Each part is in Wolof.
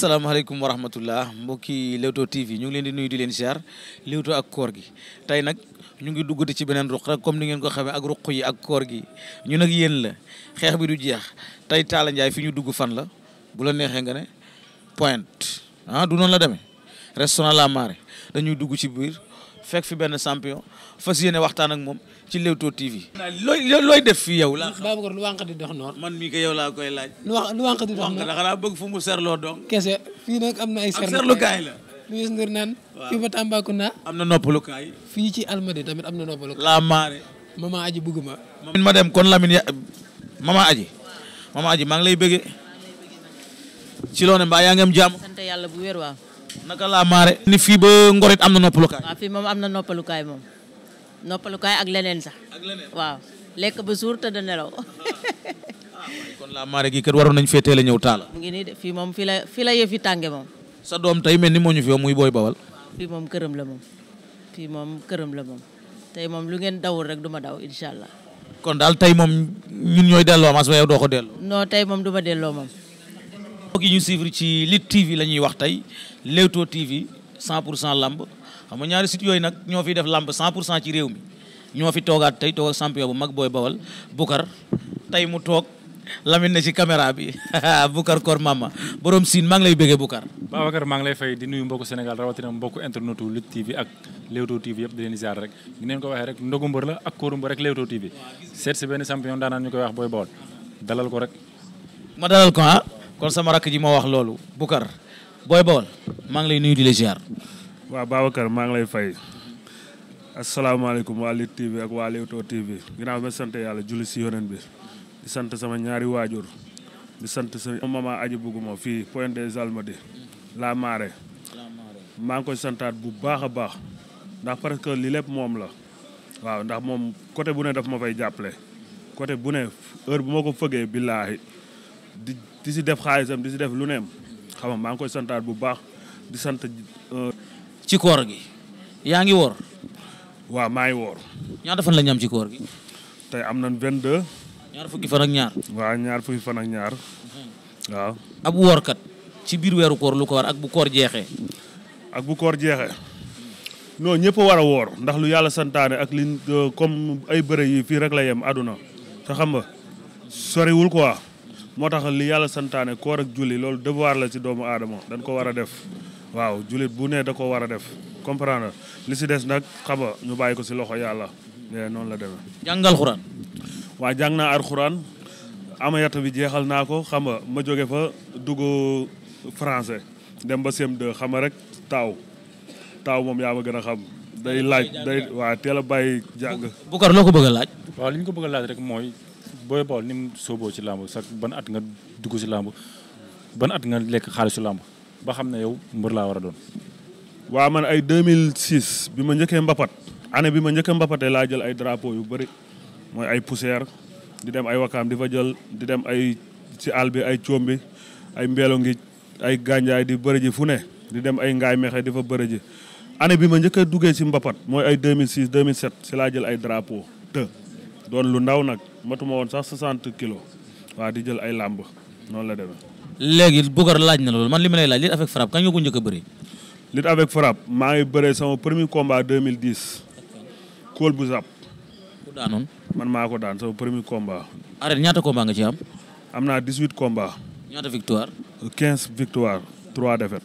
salaamaaleykum wa rahmatullah mbokki Leewtoo TV ñu ngi leen di nuy di leen ziar Leewtoo ak koor gi tey nag ñu ngi dugg duggati ci beneen ruq rek comme ni ngeen ko xamee ak ruq yi ak koor gi ñu nag yéen la xeex bi du jeex tey Talla Ndiaye fi ñu dugg fan la bu la neexee nga ne Pointe ah du noonu la deme restaurant La Marée dañuy dugg ci biir fekk fi benn champion fas yéene waxtaan ak moom ci Leewtoo TV. looy looy def fii yow. laa Babacar lu wànq di dox noonu. man mii ko yow laa koy laaj. lu wax lu wànq di dox noonu xanaa bëgg fu mu serloo donc. kese fii nag am na ay. serlukaay la lu yës ngir naan. fii ba Tambacounda. am na noppalukaay. fii ci Almadi tamit am na noppalukaay. la ma mama aji bëgg ma. ma dem kon Lamine ya aji mama aji maa ngi lay bëggee. ci loone mbaa yaa ngi am jàmm. sant yàlla naka laa maare ni fii ba ngorit am na noppalukaay waaw fii moom am na noppalukaay ak leneen sax ak leneen waaw lekk ba suur tëdd nelaw ah, ah, kon laa maare gi kër waroon nañ fee a ñëw taala mu fii moom fii la fii la yi tànge moom sa doom tey mel ni moo ñu fi yow muy booy bawal fii këram la moom fii moom këram la moom tey moom lu ngeen dawul rek du ma daw incha allah kon daal tey moom ñun ñooy delloo amas ba yow doo delloo non tey moom du ma delloo moom mbokk yi ñu suivre ci Lutte TV la ñuy wax tey Leewtoo TV 100 pour cent lamb xam nga ñaari site yooyu nag ñoo fiy def lamb 100 pour cent ci réew mi ñoo fi toogaat tey toog ak champion bu mag booy bawal Bukar tey mu toog lamit na ci caméra bi Bukar Kor Mama borom siin maa ngi lay bëggee Bukar. Babacar maa ngi lay fay di nuyu mbokku Sénégal rawatina mbokku internetu Lutte TV ak Leewtoo TV yëpp di leen ziar rek ñu leen ko waxee rek ndogu mbër la ak kóoru mbër rek Leewtoo TV seet si benn ko rek. ma dalal ko ah. kon sama rakk ji moo wax loolu Boucar Boy Baol maa ngi lay nuyu di la waaw Babacar maa ngi lay fay asalaamaaleykum waa Lutte TV ak waa Leewtoo TV ginnaaw ma sant yàlla julli si yoneen bi di sant sama ñaari waajur di sant sama mama aji bugguma fii Pointe des Almadies la Maré maa ngi koy santaat bu baax a baax ndax parce que moom la waaw ndax moom côté bu ne daf ma fay jàppale côté bu ne heure bu ma ko fëggee billaahi di si def xaalisam di si def lu neem xam nga maa ngi koy santaat bu baax di sant. Euh, ci koor gi. yaa ngi woor. waaw maa ngi woor. ñaata fan la ñu am ci koor gi. tey am nañ 22. ñaar fukki fan ak ñaar. waaw ñaar fukki fan ak ñaar. Mhm. waaw. ci biir weeru koor lu ko ak bu koor jeexee. ak bu koor jeexee. non ñëpp war a woor ndax lu yàlla santaane ak liñ euh, comme ay bëre yi fii rek la yem àdduna te xam nga soriwul quoi. moo tax li yàlla santaane koo ak julli loolu devoir la ci doomu aadama dañ ko war a def waaw jullit bu nee da ko war a def comprendre li si des nag xaba ñu bàyyi ko si loxo yàlla eh, noonu la demee. jàngal xuraan. waa jàng naa alxuraan bi jeexal naa ko xam nga ma jóge fa dugg français dem ba CM2 xam nga rek taaw taaw moom yaa ma gën a xam. day laaj day waa teel a bàyyi jàng. Boucar loo ko bëgg a laaj. waaw li ñu ko bëgg a laaj rek mooy. booy Bawol ni mu sooboo ci làmb sax ban at nga dugg si làmb ban at nga lekk xaalisu làmb ba xam ne yow mbër laa war a doon. waaw man ay 2006 bi ma njëkkee Mbapat année bi ma njëkkee Mbapatee laa jël ay drapeau yu bëri mooy ay poussière di dem ay wakaam di fa jël di dem ay ci àll bi ay coom bi ay mbeelo ngi ay gànjaay di bëri ji fu ne di dem ay ngaay mexe di fa bëri ji année bi ma njëkk a duggee ci Mbapat mooy ay 2006 2007 si laa jël ay drapeau te doon lu ndaw nag. matuma woon sax 60 kilos waa di jël ay làmb noonu la demee. léegi Bougar laaj na loolu man li ma lay laaj lutte avec frappe kañ nga ko njëkk a bëri. lutte avec frappe maa ngi bëree sama premier combat 2010. Kool bu Zapp. ku daanoon. man maa ko daan sama premier combat. arène ñaata combat nga ci am. am naa 18 combats. ñaata victoire. 15 victoire 3 défaites.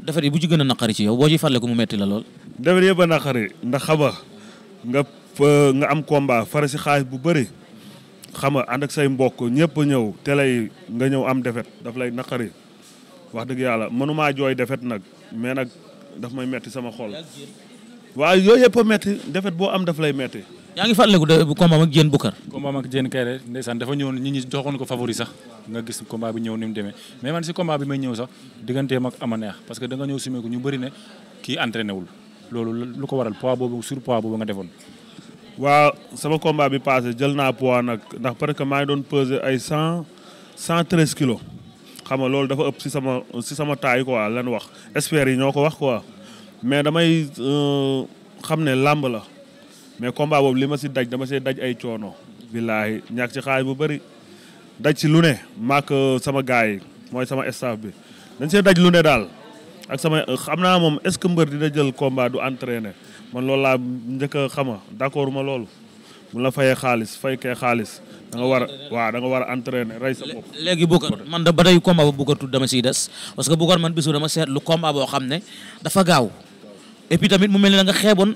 défaites yi bu ci gën a naqari ci yow boo ci farle ko mu metti la lool. défaites yëpp naqari ndax xaba nga euh, nga am combat fara si xaalis bu bëri. xam nga ànd say mbokk ñëpp ñëw te lay nga ñëw am defet daf lay naqari wax dëgg yàlla mënumaa jooy defet nag mais nag daf may metti sama xol waaye yooyu yëpp a metti defet boo am daf lay metti yaa ngi fàttaliku de combat ak Diène Boucar combat ak Diène Kairé ndeysaan dafa ñëwoon nit ñi joxoon ko favori sax nga gis combat bi ñëw ni mu demee mais man si combat bi may ñëw sax digganteem ak ama neex parce que da nga ñëw sumee ko ñu bëri ne kii entraîné wul loolu lu ko waral poids boobu surpoids boobu nga defoon waa sama combat bi passé jël naa poids nag ndax parce que maa ngi doon peser ay cent cent treize kilos xam nga loolu dafa ëpp si sama si sama taille quoi lan wax experts yi ñoo ko wax quoi mais damay euh, xam ne làmb la mais combat boobu li ma si daj dama see daj ay coono. billaahi ñàkk ci xaalis bu bëri daj si lu ne maak euh, sama gars yi mooy sama staff bi dañ see daj lu ne daal ak sama xam naa moom est-ce que mbër dina jël combat du entraîner. man loolu laa njëkk a xama d'accord ma loolu mu la fayee xaalis fay kee xaalis da nga war a waaw da war a entraîner rey sa bopp. léegi Boucar man da ba tey combat ba Boucar tudd dama siy des parce que Boucar man bisu dama seetlu combat oo xam ne dafa gaaw et puis tamit mu mel ni da nga xeeboon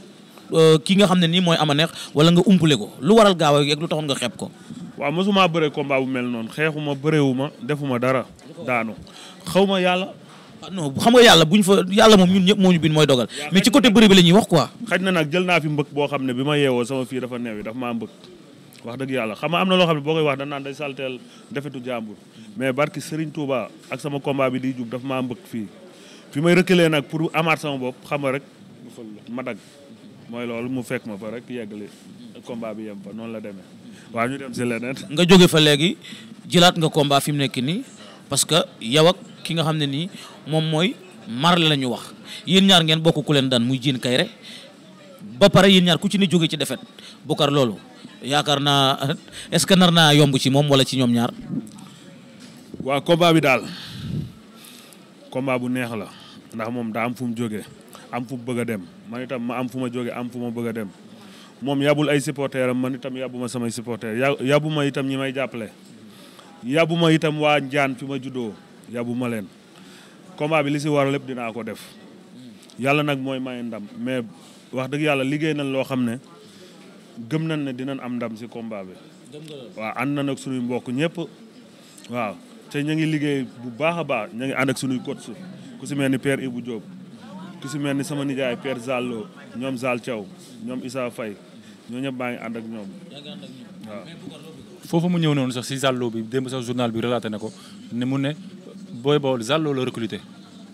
euh, ki nga xam ne nii mooy ama neex wala nga umpule ko lu waral gaaw yeeg lu taxoon nga xeeb ko. waaw mosuma bëree combat bu mel noon xeexuma bëreewuma defuma dara daanu xaw ma yàlla Ah, non xam nga yàlla buñ fa yàlla moom ñun ñëpp moo ñu bind mooy dogal mais ci côté bëri bi la wax quoi xaj na nag jël naa fi mbëkk boo xam ne bi ma yeewoo sama fii dafa neew yi maa mbëkk wax dëgg yàlla xam nga am na loo xam ne boo koy wax da naan day salteel defetu jàmbur mais barki Serigne Touba ak sama combat bi di jub dafa maa mbëkk fii fi may reculer nag pour amaat sama bopp xam nga rek ma dagg mooy loolu mu fekk ma fa rek yeggali combat bi yem fa noonu la demee waa ñu dem si leneen nga jóge fa léegi jëlaat nga combat fi mu nekk nii parce que yow ak ki nga xam ne nii moom mooy Marley la ñu wax yéen ñaar ngeen bokk ku leen daan muy Diène Kaïré ba pare yéen ñaar ku ci ne jóge ci defet Boucar loolu yaakaar naa est-ce que nar naa yomb ci moom wala ci ñoom ñaar. waaw combat bi daal combat bu neex la ndax moom daa am fu mu jógee am fu mu bëgg dem man itam ma am fu ma jógee am fu ma bëgg dem moom yabul ay supporters am man itam yabuma samay supporters yabuma itam ñi may jàppale. yabu ma itam waa njaan fi ma juddoo yabu ma leen combat bi li si war lépp dinaa ko def yàlla nag mooy maye ndam mais wax dëgg yàlla liggéey nañ loo xam ne gëm nañ ne dinañ am ndam si combat bi waaw ànd nañ ak suñuy mbokk ñëpp waaw te ñu ngi liggéey bu baax a baax ñu ngi ànd ak suñuy coach ku si mel ni père Ibou Diop ku si mel ni sama nijaay père Zallo ñoom Zal Thiaw ñoom isaa fay ñoo ñëpp maa ngi ànd ñoom foofu mu ñëw noonu sax si Zallo bi démb sax journal bi relaté na ko ne mu ne booy Baol Zallo la recruté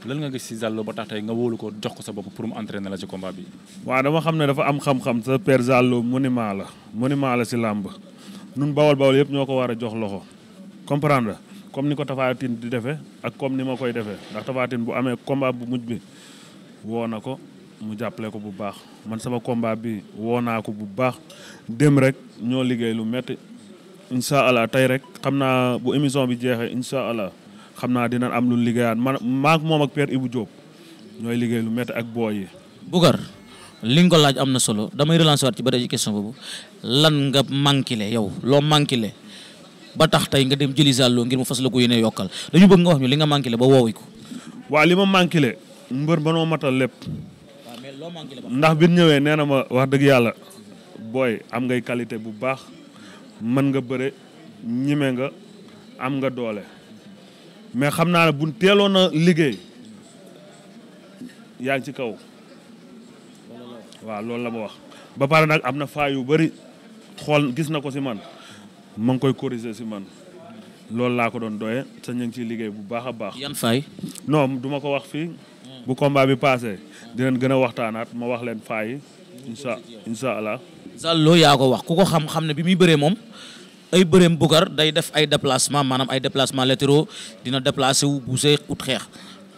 lan nga gis si Zallo ba tax tey nga wóolu ko jox ko sa bopp pour mu entraîner la ci combat bi. waaw dama xam ne dafa am xam-xam sa père Zallo monument la monument la si làmb nun Baol Baol yëpp ñoo ko war a jox loxo comprendre comme ni ko Tapha Tine di defee ak comme ni ma koy defee ndax Tapha Tine bu amee combat bu bi woo na ko mu jàppale ko bu baax man sama combat bi woo naa ko bu baax dem rek ñoo liggéey lu metti incha allah tey rek xam naa bu émission bi jeexee incha allah xam naa dina am lu liggéeyaan man maak moom ak Père Ibou Diop ñooy liggéey lu métti ak booy yi. Bougar li nga ko laaj am na solo damay relancer waat ci bëri ci question lan nga manquile yow loo manquile ba tax tey nga dem jëli Zallo ngir mu fas la ko yéene yokkal dañu bëgg nga wax ñu li nga manquile ba woowi ko. waa li ma manquile. mbër ba noo matal lépp. ndax bi ñëwee nee na ma wax dëgg yàlla booy am ngay qualité bu baax. man nga bëre ñime nga am nga doole mais xam naa ne buñ teeloon a liggéey yaa ngi ci kaw waaw loolu la ma wax ba pare nag am na faa yu bari xool gis na ko si man ma ngi koy corriger si man loolu laa ko doon doyee te ñu ngi ciy liggéey bu baax a baax. yan faay. non du ma ko wax fii. bu combat bi paasee. dinañ gën a waxtaanaat ma wax leen faay yi. incha incha allah. Zallo yaa ko wax ku ko xam xam ne bi muy bëree moom ay bëreem Bougar day def ay déplacement maanaam ay déplacement latéraux dina déplacé wu buusee ut xeex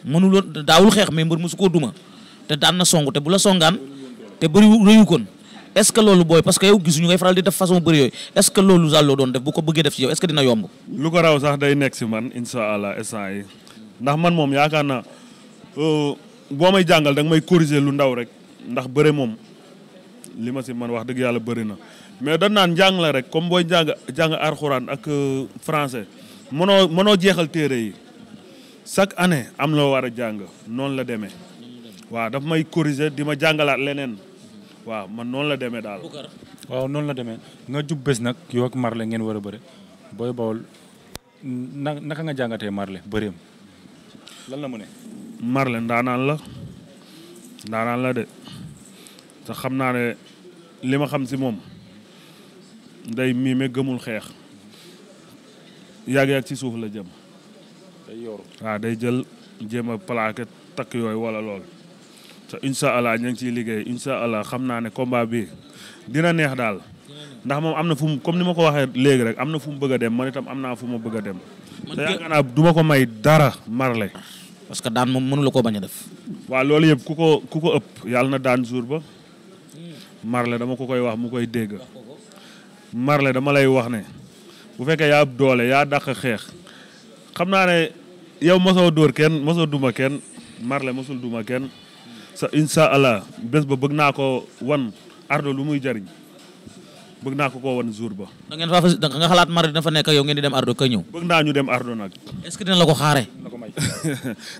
mënuloo daawul xeex mais mbër su koo duma te daan na song te bu la songaan te ba rëyu kon est ce que loolu booy parce que yow gisuñu ngay faral di def façon bëri yooyu est ce que loolu Zallo doon def bu ko bëggee def ci yow est ce que dina yomb. lu ko raw sax day nekk si man incha allah instant ndax man moom yaakaar naa euh, boo may jàngal da may corriger lu ndaw rek ndax bëre li ma si man wax dëgg yàlla bëri na mais dañ naan njàng la rek comme booy jàng jàng arxuraan ak euh, français mënoo mënoo jeexal téere yi chaque année am loo war a jàng noonu la demee waaw daf may corriger di ma jàngalaat leneen waaw man noonu la demee daal. waaw noonu la demee nga jub bés nag yoo ak Marley ngeen war a bëri Boy Baol na naka nga jàngatee marle bëreem lan la mu ne. Marley ndaanaan la ndaanaan la de. te xam naa ne li ma xam si moom day miime gëmul xeex yàgg-yàgg ci suuf la jëm. day day jël jéem a plaqué takk yooyu wala lool. te incha allah ñu ngi ciy liggéey incha allah xam naa ne combat bi dina neex daal ndax moom am na fu mu comme ni ma ko waxee léegi rek am na fu mu bëgg a dem man itam am naa fu ma bëgg dem. man yaakaar naa du ma ko may dara Marley. parce que daan moom mënu la koo bañ a def. waaw loolu yëpp ku ko ëpp yàlla na daan jour ba. Marley dama ko koy wax mu koy dégg Marley dama lay wax ne bu fekkee yaa doole yaa dàq xeex xam naa ne yow mosoo dóor kenn mosoo duma kenn Marley mosul duma kenn sa incha allah bés ba bëgg naa ko wan ardo lu muy jariñ bëgg naa ko koo wan jour ba. da ngeen faa da nga xalaat mar dina fa nekk yow ngeen di dem ardo ka ñëw. bëgg naa ñu dem ardo nag. est-ce que dina la ko xaare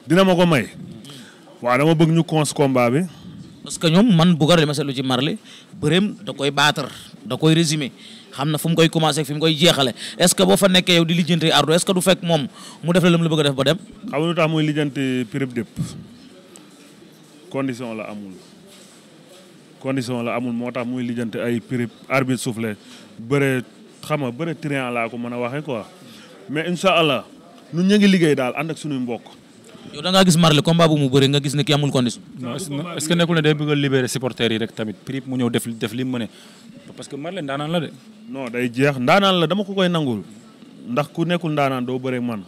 dina ma ko may. waaw dama bëgg ñu cons combat bi. parce que ñoom man Bougar li ma seetlu ci Marley bëreem da koy baatar da koy résumer xam na fu mu koy commencé fi mu koy jeexale est que boo fa nekkee yow di lijjanti ardo est ce que du fekk moom mu def la lu mu la bëgg a def ba dem. xam nga lu tax muy lijjanti prix dëpp condition la amul condition la amul moo tax muy lijjanti ay prix arbitre soufflé bëre xam nga bëre trian laa ko mën a waxee quoi mais incha allah ñun ñu liggéey daal ànd ak mbokk. yow da ngaa gis Marley combat bu mu bëre nga gis ne ki amul condition. non est que nekkul ne day bëgg a libérer supporters yi rek tamit prix mu ñëw def def li mu ne parce que Marley ndaanaan la de. non day jeex ndaanaan la dama ko koy nangul ndax ku nekkul ndaanaan doo bëre man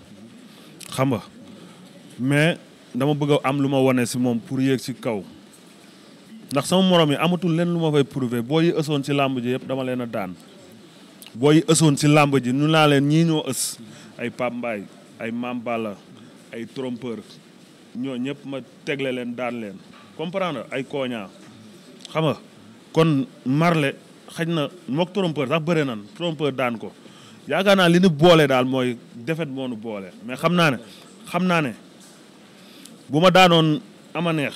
xam nga mais dama bëgg am lu ma wane si moom pour yéeg si kaw ndax sama morom yi amatul leen lu ma fay prouver booy yi ësoon si làmb ji yëpp dama leen a daan booy yi ësoon si làmb ji nu laa leen ñii ñoo ës ay Pape Mbaye ay Mame Balla ay trompeur ñoo ñëpp ma tegle leen daan leen comprendre ay kooñaa xam nga kon marle xaj na mook trompeur sax bëre nan trompeur daan ko yaakaar naa li nu boole daal mooy defet moonu nu boole mais xam naa ne xam naa ne bu ma daanoon ama neex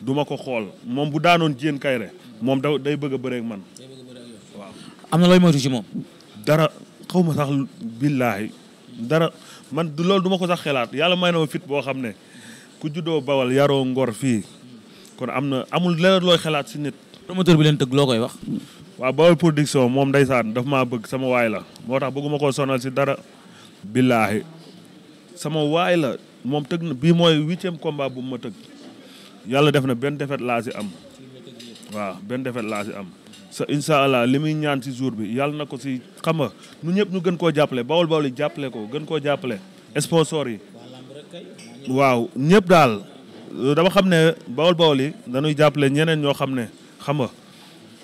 du ko xool moom bu daanoon jéen kayre moom da day bëgga a bëreek man am na looy moytu ci moom dara xaw ma sax billaahi dara man du lool duma ko sax xelaat yàlla may na ma fit boo xam ne ku juddoo bawal yaroo ngor fii kon am na amul leneen looy xalaat si nit. promoteur bi leen tëgg loo koy wax. waaw bawal production moom ndeysaan dafa maa bëgg sama waay la moo bëgguma koo sonal si dara. billaahi sama waay la moom tëgg na bii mooy huitième combat bu ma tëgg yàlla def na benn defet laa si am. waaw benn defet laa si am. sa incha allah li muy ñaan ci jour bi yàlla na ko si xam nga nu ñëpp ñu gën koo jàppale bawol bawol yi jàppale ko gën koo jàppale sponsor yi waaw ñëpp daal dama xam ne bawol bawol yi dañuy jàppale ñeneen ñoo xam ne xam nga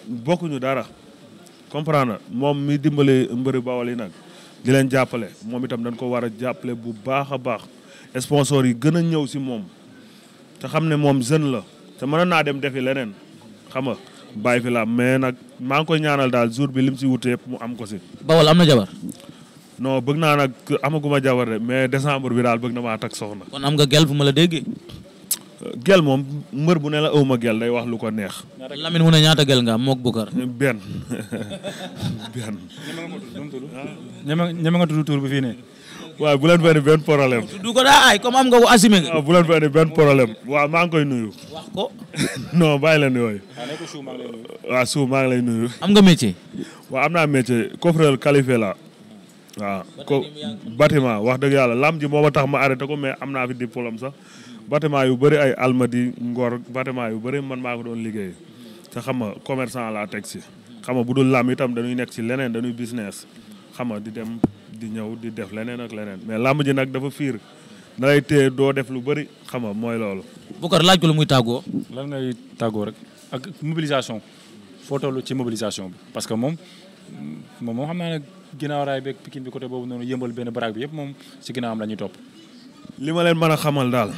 bokkuñu dara comprendre moom mi dimbali mbëri bawol yi nag di leen jàppale moom itam dañ ko war a jàppale bu baax a baax sponsor yi gën a ñëw si moom te xam ne moom jeune la te mën naa dem defi leneen xam nga bàyyi fi la mais nag maa ngi koy ñaanal daal jour bi lim si wute yëpp mu am ko si. Bawol am na jabar. non bëgg naa nag amaguma jabar de mais décembre bi daal bëgg na maa takk soxna. kon am nga gel bu ma la déggee. gel moom mbër bu ne la ëw gel day wax lu ko neex. Lamine mu ne ñaata gel nga am moog Bukar. benn benn. ñeme nga tudd tur bi fii ne. waaw bu leen fa indi benn problème. du ko daa aay benn problème waaw maa ngi koy nuyu. wax ko. non bàyyi maa ngi lay nuyu. am nga métier. waa am naa métier coffreur qualifié la waaw ko wax dëgg yàlla lam ji moo ma tax ma arrêté ko mais am naa fi diplôme sax bâtiment yu bëri ay almadi ngor bâtiment yu bëri man maa ko doon liggéey te xam nga commerçant laa teg si xam nga bu dul lam itam dañuy nekk si leneen dañuy business xam nga di dem di ñëw di def leneen ak leneen mais làmb ji nag dafa fiir na lay téye doo def lu bëri xam nga mooy loolu. Boucar laaj ko lu muy tàggoo. lan ngay tàggoo rek ak mobilisation foo toll ci mobilisation bi parce que moom moom moo xam naa ne ginnaaw raay beeg Pikine bi côté boobu noonu yëmbal benn baraag bi yëpp moom si ginnaawam la ñuy topp. li ma leen mën a xamal daal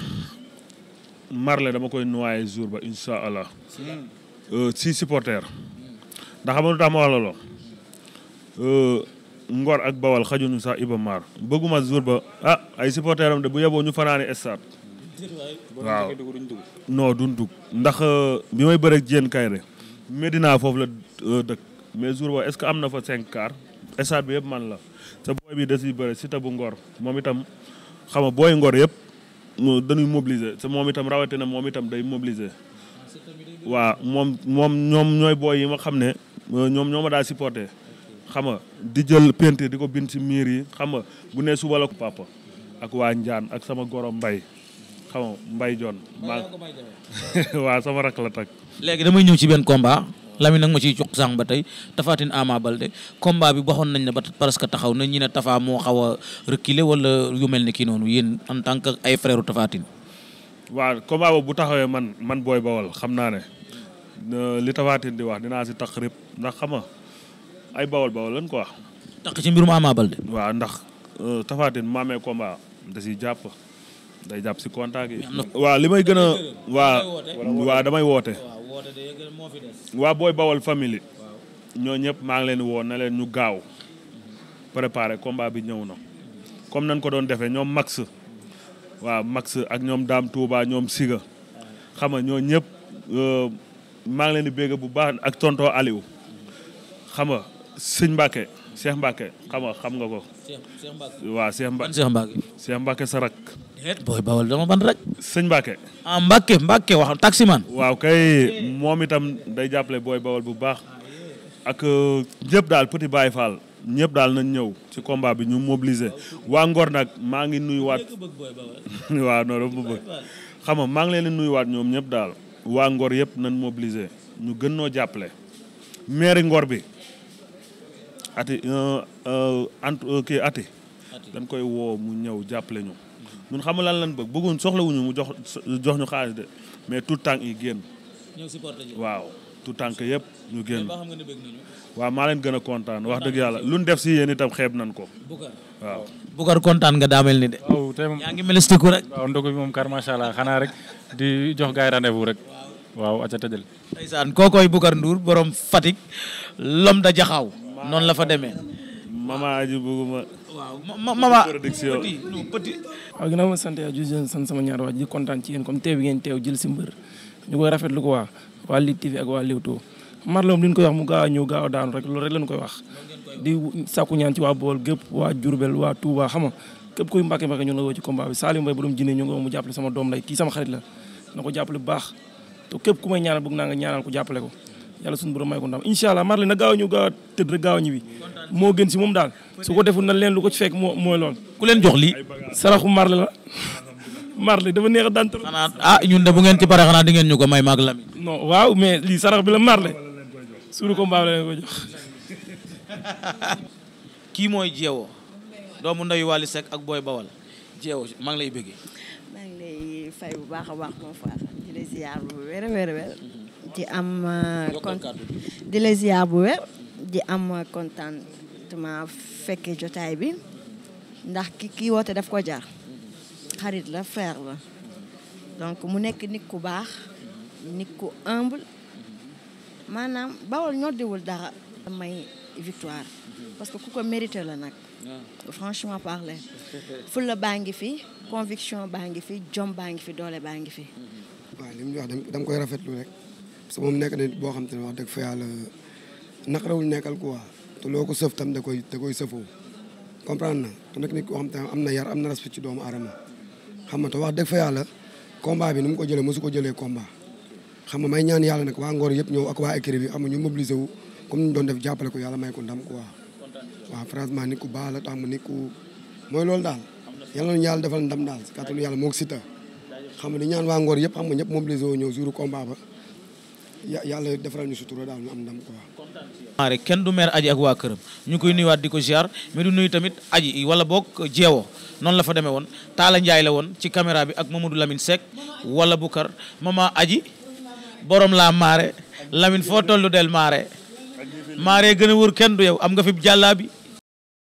marle dama koy noyé jour ba incha allah hmm. euh, si supporter ndax xam nga lu Ngor ak Bawal xajuñu sax Iba Mar bëgguma jour ba ah ay supporter am de bu yeboo ñu fanaani stade waaw non duñ dugg ndax euh, bi may bëre ak Diène Kaïré Medina foofu la euh, dëkk mais jour ba est-ce que am na fa cinq car stade man la te booy bi da siy bëre Siteu bu Ngor moom itam xam nga booy Ngor yëpp dañuy mobiliser sa moom itam rawatina moom itam day mobiliser waaw moom moom ñoom ñooy booy yi ma xam ne euh, ñoom ñoo ma daa supporter xam nga di jël peinture di ko bind ci miir yi xam nga bu ne suba la ko papa ak waa njaan ak sama goro mbay xam nga mbay jon maa waaw sama rak la tak léegi damay ñëw ci benn combat Lamine nag ma ciy cuq sànq ba tey Tafatine Ama Balde combat bi waxoon nañ ne ba parce que taxaw nañ ñi ne Tafa moo xaw a reculer wala yu mel ne kii noonu yéen en tant que ay frère Tafatine waaw combat bu taxawee man man booy bawal xam naa ne euh, li Tafatine di wax dinaa si tax rëpp ndax xam nga ay bawol bawol lan quoi. tax ci mbirum Ama Baldé. waaw ndax euh, Tapha Tine komba da si jàpp day jàpp si contact yi. waaw li may gën a. waa damay woote. waa booy bawol famille. ñoo ñëpp maa ngi leen woo na leen ñu gaaw. préparer combat bi ñëw na. comme nañ ko doon defee ñoom max. waa max ak ñoom daam Touba ñoom Siga. xam nga ñoo ñëpp euh, maa ngi leen di bu baax ak tonton Aliou. xam sëñ Mbacke Cheikh Mbacke xama nga xam nga ko. Cheikh Mbacke waaw Cheikh Mbacke ban Cheikh Mbacke. Cheikh Mbacke sa booy bawal dama ban rak. sëñ Mbacke. ah Mbacke Mbacke wax taximan. waaw kay moom itam day jàppale booy bawal bu baax ak euh, ñëpp daal petit Baye Fall ñëpp daal nañ ñëw ci combat bi ñu mobiliser waa Ngor nag maa ngi nuyuwaat. waaw non dafa bëgg maa ngi leen di nuyuwaat ñoom ñëpp daal waa Ngor yëpp nañ mobiliser ñu gën noo jàppale. maire Ngor bi. ati euh, euh, ant euh, kii ati dañ koy woo mu ñëw jàppale ñu ñun xam lan lan bëgg bëgguñ soxlawuñu mu jox jox ñu xaalis de mais tout tànk yi génn waaw tout tànk yëpp ñu génn waaw maa leen gën a kontaan wax dëgg yàlla lu ñu def si yéen itam xeeb nañ ko waaw Boucar kontaan nga daamel ni de waaw moom yaa ngi melistiku rek waaw ndogu bi moom kar macha allah xanaa rek di jox gaay rendez-vous rek waaw aca tëjal ndeysaan kookoy Boucar Ndour borom Fatick lom da jaxaaw noonu la fa demee. mama aji bëgguma. waaw ma mama production petit non petit. waaw ginnaaw ma sant yaa jugee sant sama ñaar waa ji kontaan ci yéen comme teew bi ngeen teew jël si mbër ñu koy rafetlu ko waa waa Lutte TV ak waa Leewtoo marlom li ñu koy wax mu gaa ñëw gaa a daanu rek loolu rek lañ koy wax di sàkku ñaan ci waa bool gépp waa Diourbel waa Touba xam nga képp kuy mbàkke mbàkke ñu ngi la woo ci combat bi Salim Mbaye borom jinne ñu ngi mu jàppale sama doom lay kii sama xarit la na ko jàppale bu baax te képp ku may ñaanal bëgg naa nga ñaanal ko jàppale ko yàlla suñu borom may ko ndam incha allah na gaaw a ñëw gaaw a tëdd rek gaaw a ñibbi moo gën si moom daal su ko deful na leen lu ko ci fekk moo mooy lool ku leen jox lii saraxu Marley la Marley dafa neex a daan trop ah ñun de bu ngeen ci pare xanaa di ngeen ñu ko may la Lamine non waaw mais lii sarax bi la Marley suñu combat la leen ko jox kii mooy jeewo doomu ndeyu Wally Seck ak Boy Bawal jeewo maa ngi lay bëggee maa ngi lay fay bu baax a di am euh, kon di la bu wér di am euh, contentement fekkee jotaay bi ndax ki kii woote daf ko jar xarit la frère la donc mu nekk nit ku baax nit ku humble maanaam bawol ñoddiwul dara may victoire parce que ku ko mérité la nag ah. franchement parler fulla baa ngi fi conviction baa ngi fi jom baa ngi fi doole baa ngi fi waaw li mu koy rafetlu rek parce que moom nekk na nit boo xam te ne wax dëgg fa yàlla naqarawul nekkal quoi te loo ko sëf tam da koy da koy sëfoo comprendre na te nit koo xam te am na yar am na respect ci doomu aadama xam nga te wax dëgg fa yàlla combat bi nu mu ko jëlee mosu ko jëlee combat xam nga may ñaan yàlla nag waa Ngor yëpp ñëw ak waa écurie bi am ñu mobiliser wu comme ni doon def jàppale ko yàlla may ko ndam quoi waaw franchement nit ku baax la tax mu nit ku mooy loolu daal yàlla nañu yàlla defal ndam daal si kàttanu yàlla moo ko Siteu xam nga di ñaan waa Ngor yëpp xam nga ñëpp mobiliser wu ñëw jour combat yàlla defaral ñu sutura daal ñu am ndam quoi. kenn du meer aji ak waa këram ñu koy nuyuwaat di ko ziar mais du tamit aji wala boog jeewoo noonu la fa demee woon taala Ndiaye la woon ci caméra bi ak Mamadou Lamine Seck wala Bukar mama aji boroom laa maare Lamine foo tollu del maare maare gën a wër kenn du yow am nga fi jàllaa bi